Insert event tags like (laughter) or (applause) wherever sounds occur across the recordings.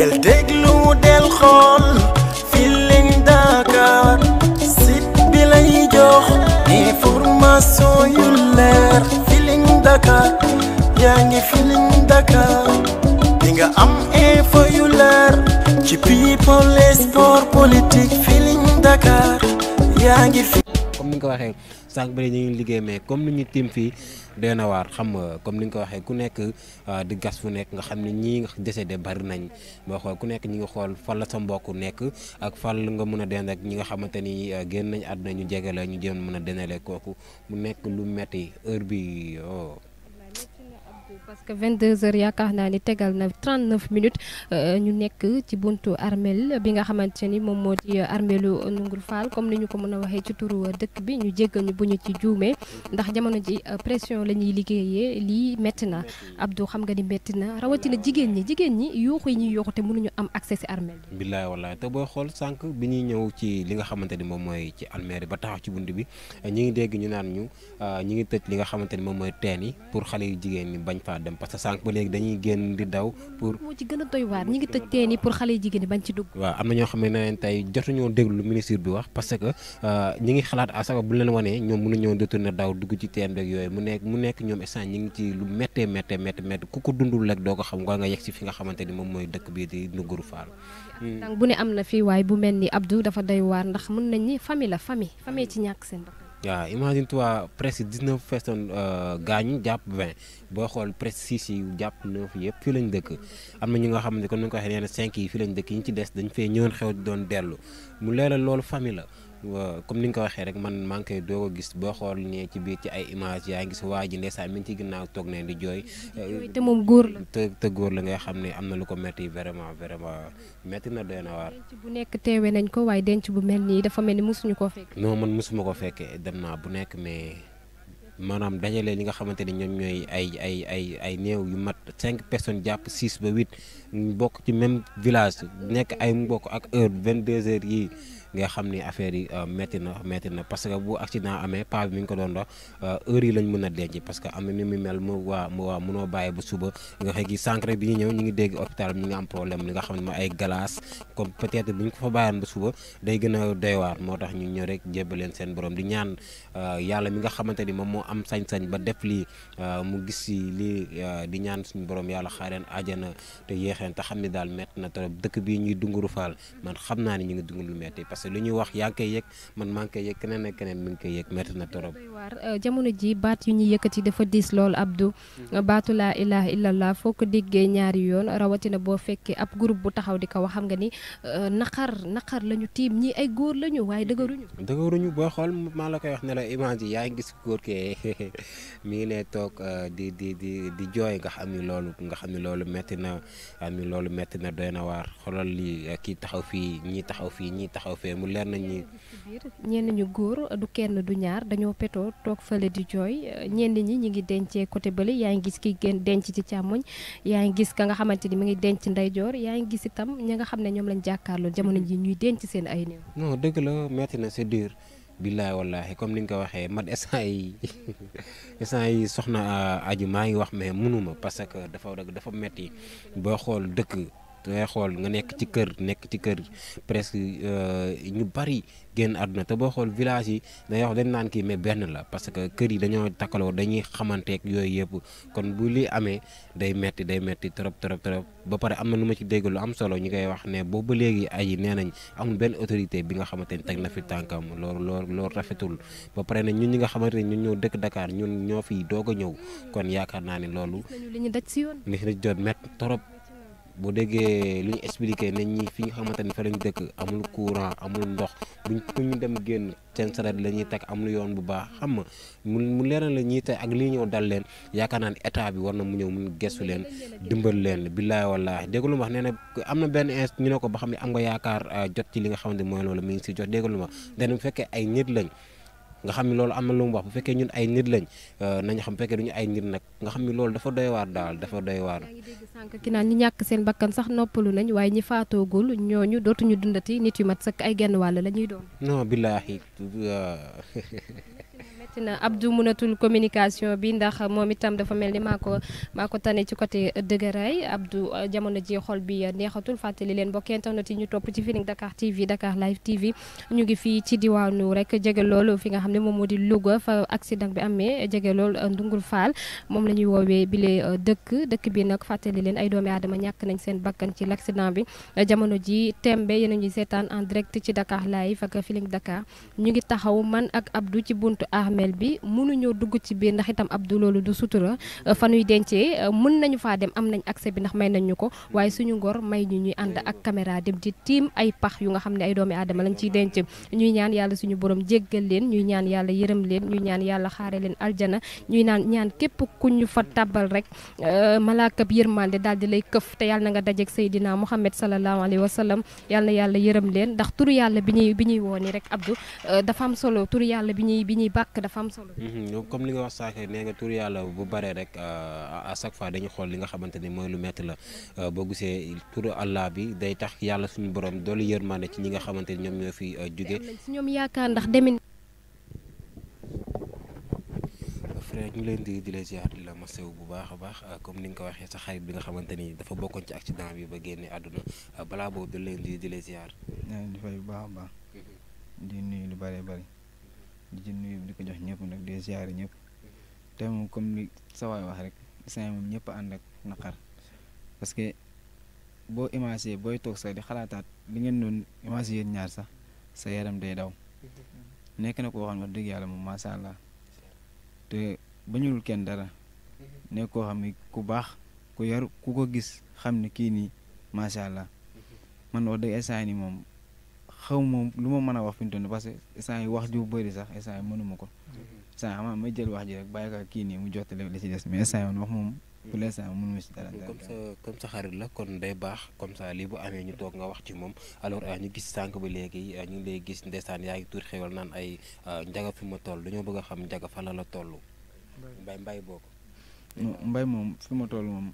del déglu del xool Feeling Dakar site bi lay jox information yu leer Feeling Dakar yaa am info yu leer ci people et sport politique Feeling Dakar nga ko waxee sànq bëri ñu ngi liggéey mais comme ni ñu tiim fii doy na waar xam nga comme ni nga ko waxee ku nekk euh, di gas fu nekk nga xam ne ñii nga de bari nañ boo xool ku nekk ñi nga xool fan la sa mbokk nekk ak fan nga mun a dend ak ñi nga xamante ni euh, génn nañ àdduna ñu jege la ñu jéem mën a dendalee kooku mu nekk lu metti heure bi oh. beaucoup parce que 22h yaakaar naa ni tegal na 39 minutes euh, ñu nekk ci buntu armel bi nga xamante ni moom moo di armelu Ndoungour Fall comme ni ñu ko mën a waxee ci turu dëkk bi ñu jéggal ñu bu ñu ci juumee ndax jamono ji euh, pression la ñuy liggéeyee lii métti na Abdou xam nga ni métti na rawatina jigéen ñi jigéen ñi yuuxu yi ñuy yuuxu te mënuñu am accès si armel bi. billaay wallaay te booy xool sànq bi ñuy ñëw ci li nga xamante ni moom mooy ci armel ba taxaw ci bunt bi ñu ngi ñu naan ñu euh, ngi li nga xamante ni moom mooy teen yi pour xale yu jigéen ñi bañ bañ faa dem parce que sànq ba léegi dañuy génn di daw pour moo ci gën a doy ñi ngi tëj teen yi pour xale yu jigéen ñi bañ ci dugg waaw am na ñoo xam ne ne tey jotuñoo déglu lu ministre bi wax parce que euh, ñi ngi xalaat à sababu bu leen wanee ñoom mënu ñoo détourner daw dugg ci teen beeg yooyu mu nekk ñoom instant ñi ngi ci lu méttee méttee méttee méttee ku ko dundul rek doo ko xam nga nga yegg si fi nga xamante ni moom mooy dëkk bii di Ndougourou Fall donc bu ne am na fii waaw imagine toi presque dix neuf personnes euh, gaañu jàpp vingt boo xool presque six yi jàpp neuf yëpp fii lañ dëkk am na ñu nga xam ne kon ni nga ko waxee nee cinq yi fii lañ dëkk yi ñu ci des dañ fee ñëwoon xew doon dellu mu leeral loolu famille la comme ni nga ko waxee rek man maa ngi koy doog a gis boo xool ne ci biir ci ay image yaa ngi gis waa ji ndeysaan mi ngi ci ginnaaw toog nañ di jooy. te moom góor la te góor la ngay xam ne am na lu ko metti vraiment vraiment metti na doy na waar. bu nekk teewee nañ ko waaye denc bu mel nii dafa mel ni mosuñu koo fekk. non man mosuma ko fekkee dem naa bu nekk mais. maanaam dajale li nga xamante ni ñoom ñooy ay ay ay ay néew yu mat cinq personnes jàpp six ba huit ñu bokk ci même village nekk ay mbokk ak heure vingt deux yii nga xam ni affaire yi euh, métti na métti na parce que bu accident amee paa bi mi ngi ko doon dox euh, heure yi lañ mën a denc parce que am mu mel mu waa mu waa mënoo bàyyi ba suba nga xëy gi ñu ñëw ñu ngi dégg hôpital bi ñu ngi am problème li nga xam ne day gën a tax ñu ñëw rek jébbaleen seen borom di ñaan euh, yàlla mi nga xamante ni moom moo am sañ-sañ ba def lii mu si lii di ñaan suñu borom yàlla xaareen àjjana te yéexeen te xam ni daal métti na trop dëkk bii ñuy dunguru faal man xam naa ni ñu ngi lu metti parce lu ñuy wax yaa ngi koy yëg man maa ngi koy yëg keneen ak keneen mi ngi koy yëg métti na trop. Euh, jamono ji baat yu ñuy yëkkati dafa diis lool Abdou. Mm-hmm. baatu laa ilaha illallah foo ko déggee ñaari yoon rawatina boo fekkee ab groupe bu taxaw di ko xam nga ni euh, naqar naqar lañu tiim ñii ay góor lañu waaye dëgëruñu. dëgëruñu boo xool maa la koy wax ne la image yi gis góor (laughs) mi ngi ne toog euh, di di di di jooy nga xam ni loolu nga xam ni loolu métti na loolu métti na doy na waar xoolal lii kii taxaw fii ñii taxaw fii ñii taxaw fii jotee mu leer nañ ñi ñenn ñu góor du kenn du ñaar dañoo petoo toog fële di jooy ñenn ñi ñi ngi dencee côté bële yaa ngi gis ki gën denc ci càmmoñ yaa ngi gis ka nga xamante ni mu ngi denc ndeyjoor yaa ngi gis itam ñi nga xam ne ñoom lañ jàkkaarloo jamono ji ñuy denc seen ay néew non dëgg la metti na c'est dur billaay wallaahi comme ni nga ko waxee man instant yi (laughs) instant yi soxna euh, aju maa ngi wax mais mënuma parce que dafa dafa metti boo xool dëkk dangay xool nga nekk ci kër nekk ci kër presque euh, ñu bari génn àdduna te boo xool village yi dañuy wax dañ naan mais benn la parce que kër yi dañoo takkaloo dañuy xamanteek yooyu yëpp kon bu li amee day metti day metti trop trop trop ba pare am na lu ma ci dégg lu am solo ñu koy wax ne boobu ba léegi aji nee nañ amul benn autorité bi nga xamante ni teg na fi tànkam loolu loolu loolu rafetul ba pare ne ñun ñi nga xamante ni ñun ñoo dëkk dakaar ñun ñoo fi doog a ñëw kon yaakaar naa ne loolu li ñu jot metti trop boo déggee li ñu expliqué nañ ñi fi nga xamante ni fa ñu dëkk amul courant amul ndox buñ ku ñu dem génn seen saret la ñuy teg amul yoon bu baax xam ma mu mu leeral la ñuy ak lii ñëw dal leen yaakaar naa ne état bi war na mu ñëw mun gestu leen dimbal leen billaay wallaay dégg lu nee na am na benn inst ñu ne ko ba xam ne am nga yaakaar ah, jot ci li nga xam xamante mooy loolu mi ngi si jot dégg lu ma wax fekkee ay nit lañ nga xam ne loolu am na lu mu wax bu fekkee ñun ay nit lañ euh, nañu xam bu fekkee ay nit nag nga xam ne loolu dafa doy waar daal dafa doy waar. ki naan ñi ñàkk seen bakkan sax noppalu nañ waaye ñi faatoogul ñooñu dootuñu dundati nit yu mat sëkk ay genn wàll la ñuy doon. non billaahi euh, (laughs) rawatina Abdou mënatul communication bi ndax moom itam dafa mel ni maa ko maa ko tane ci côté dëgëraay Abdou euh, jamono ji xol bi euh, neexatul fàttali leen mbokk internet yi ñu topp ci Feeling Dakar TV Dakar Live TV ñu ngi fii ci diwaanu rek jege loolu fi nga xam ne moom moo di Louga fa accident bi amee jege loolu euh, Ndungul Faal moom la ñuy woowee bile dëkk dëkk bi nag fàttali leen ay doomi adama ñàkk nañ seen bakkan ci l'accident bi jamono ji tembe yéen a ñuy seetaan en direct ci Dakar Live ak Feeling Dakar ñu ngi taxaw man ak Abdou ci buntu armée armeel bi mënuñoo dugg ci biir ndax itam abdu loolu du sutura euh, fanuy dencee euh, mën nañu faa dem am nañ accès bi ndax may nañ ñu ko waaye suñu ngor may ñu ñuy ànd ak caméra dem di tiim ay pax yu nga xam ne ay doomi aadama lañ ciy denc ñuy ñaan yàlla suñu boroom jéggal leen ñuy ñaan yàlla yërëm leen ñuy ñaan yàlla xaare leen aljana ñuy naan ñaan képp ku ñu fa tàbbal rek euh, malaakab yërmande daal di lay këf te yàlla na nga dajeeg Seydina Muhammad sallallahu alayhi na yàlla yërëm leen ndax turu yàlla bi ñuy bi ñuy wooni rek yàlla bi ñuy bi ñuy dafa am mhm, comme li nga wax saako nee nga tur yàlla bu bare rek euh, à chaque xool li nga xamante ni mooy lu métti la euh, boo gisee turu Allah bi day tax yàlla suñu borom doolu yërmande ci ñi nga xamante ni ñoom ñoo fi euh, jóge si ñoom yaakaar ndax demin. frère ñu leen di di la ziar di la masew bu baax a baax comme ni nga ko waxee sa xarit bi nga xamante ni dafa bokkoon ci accident bi ba génne àdduna balaa boobu da leen di di la ziar. di fay bu baax a baax. Mhm. di nuyu lu bëree bëri. di ci nuyu di ko jox ñëpp nag di ziare ñëpp te moom comme li sawaay wax rek saa moom ñëpp ànd ak naqar parce que boo imagé booy toog sax di xalaataat li ngeen doon imagé yéen ñaar sax sa yaram day daw nekk na koo xam ne wax dëgg yàlla moom macha allah te bañul kenn dara nekk koo xam ne ku baax ku yaru ku ko gis xam ne kii nii macha allah man wax dëgg instant nii moom xaw ma lu ma mën a wax fi mu toll parce que instant yi wax ju bëri sax instant yi mënu ko. instant yi may jël wax ji rek bàyyi ko kii nii mu jottali li ci des mais instant yoon wax moom. pour l'instant mënu ma si dara. comme sa comme sa kon day baax comme ça lii bu amee ñu toog nga wax ci moom alors ah, ñu gis sànq ba léegi ah, ñu ngi lay gis ndeysaan yaa ngi tuur xewal naan ay ah, njaga fi ma toll dañoo bëgg a xam njaga fan la la mbay mbay mbay moom fi ma toll moom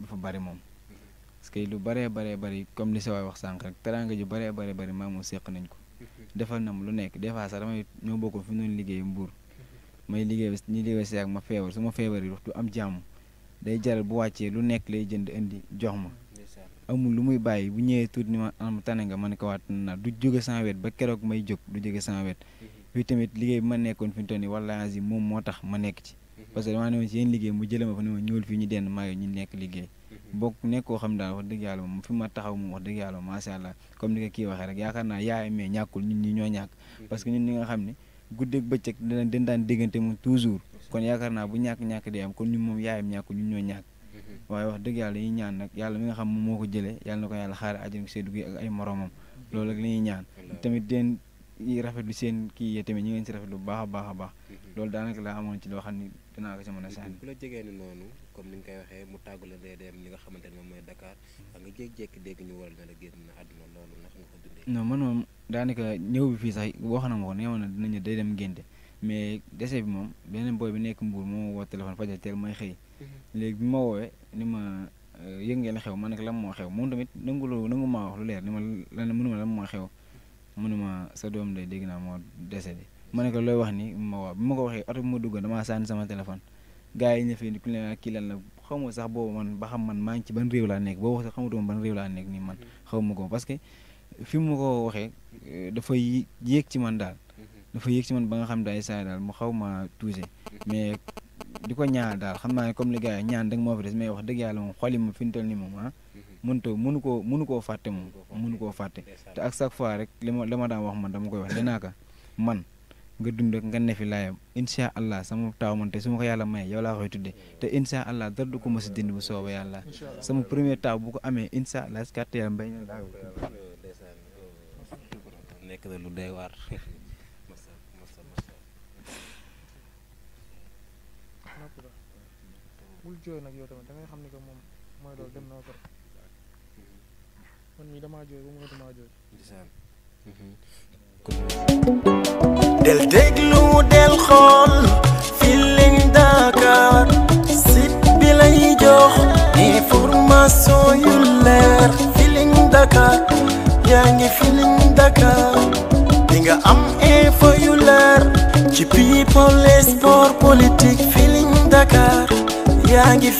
dafa bari moom. parce que lu bëree baree bëri comme li sa waay wax sànq rek teraanga ju bëree baree bëri maam moom seq nañ ko defal na mu lu nekk des fois sax damay ñoo bokkoon fi noonu liggéey mbuur may liggéey ñu liggéey si ak ma feebar su ma feebar yi am jàmm day jaral bu wàccee lu nekk lay jënd indi jox ma amul lu muy bàyyi bu ñëwee tuut ni ma am tane nga ma ne ko waat na du jóge sama wet ba keroog may jóg du jóge sama wet fii tamit liggéey bi ma nekkoon fi mu toll nii wala moom moo tax ma nekk ci parce damaa ne woon si yéen liggéey mu jëlee ma fa ne ma ñëwal fii ñu denn maa ñu nekk liggéey bokk nekk koo xam ne daal wax dëgg yàlla moom fi ma taxaw moom wax dëgg yàlla macha allah comme ni ko kii waxee rek yaakaar naa yaay mais ñàkkul ñun ñi ñoo ñàkk mm-hmm. parce que ñun ñi nga xam ne guddeeg bëccëg ñoo ñàkk mm-hmm. waaye wax dëgg yàlla yi ñaan nag yàlla mi nga xam moom moo ko jëlee yàlla na ko yàlla xaare ajjana seddu gi ak ay moromam mm-hmm. loolu rek la ñaan tamit den yi rafetlu seen kii tamit ñu ngeen si rafetlu bu baax a baax a baax mhm. loolu daanaka laa amoon ci loo xam ni dinaa ko a sànni ku ni noonu comme ni nga mu tàggu la dee dem li nga xamante ne moom mooy Dakar a nga jékki-jékki dégg ñu waral na la génn na àdduna loolu naka nga ko dundee non man moom daanaka ñëw bi fii sax wax na ma ko neewoon na dinañu day dem ngénte mais dese bi moom beneen booy bi nekk mbuur moo woo téléphone fajar teel may xëy mhm. léegi bi ma woowee ni ma euh, yëg ngeen xew man nag lan moo xew moom tamit nangu loolu nangu maa wax lu leer ni ma lan mënuma lan moo xew munuma sa doom de dégg naa moo décédé ma ne ko looy wax ni ma waaw bi ma ko waxee oto ma dugg damaa sànni sama téléphone gars yi ñu fi ku ne kii lan la xawma sax boobu man ba xam man maa ngi ci ban réew laa nekk boobu sax xamatuma ban réew laa nekk nii man ma ko parce que fi mu ma ko waxee eh, dafa yéeg ci man daal dafa yéeg ci man ba nga xam daal saa daal mu xaw ma tuuse mais di ko ñaan daal xam naa ne comme li gars yi ñaan danga moo fi des mais wax dëgg yàlla moom xoli ma fi mu toll nii moom ah mënut mënu koo mënu koo fàtte moom mënu koo fàtte te ak chaque fois rek li ma li ma daan wax man dama koy wax nee naa ko man nga dund rek nga nefi laayam incha allah sama taaw man te su ma ko yàlla may yow laa koy tuddee te incha allah dara du ko mos a dindi bu sooba yàlla sama premier taaw bu ko amee incha allah si kàttan yàlla mbéy lu doy waar (laughs) bul nag moom man mii damaa jooy ba mu mënatumaa jooy. Mhm. del déglu del xool Feeling Dakar site bi jox information yu leer Feeling Dakar Dakar di am info yu leer ci people et sport politique Feeling Dakar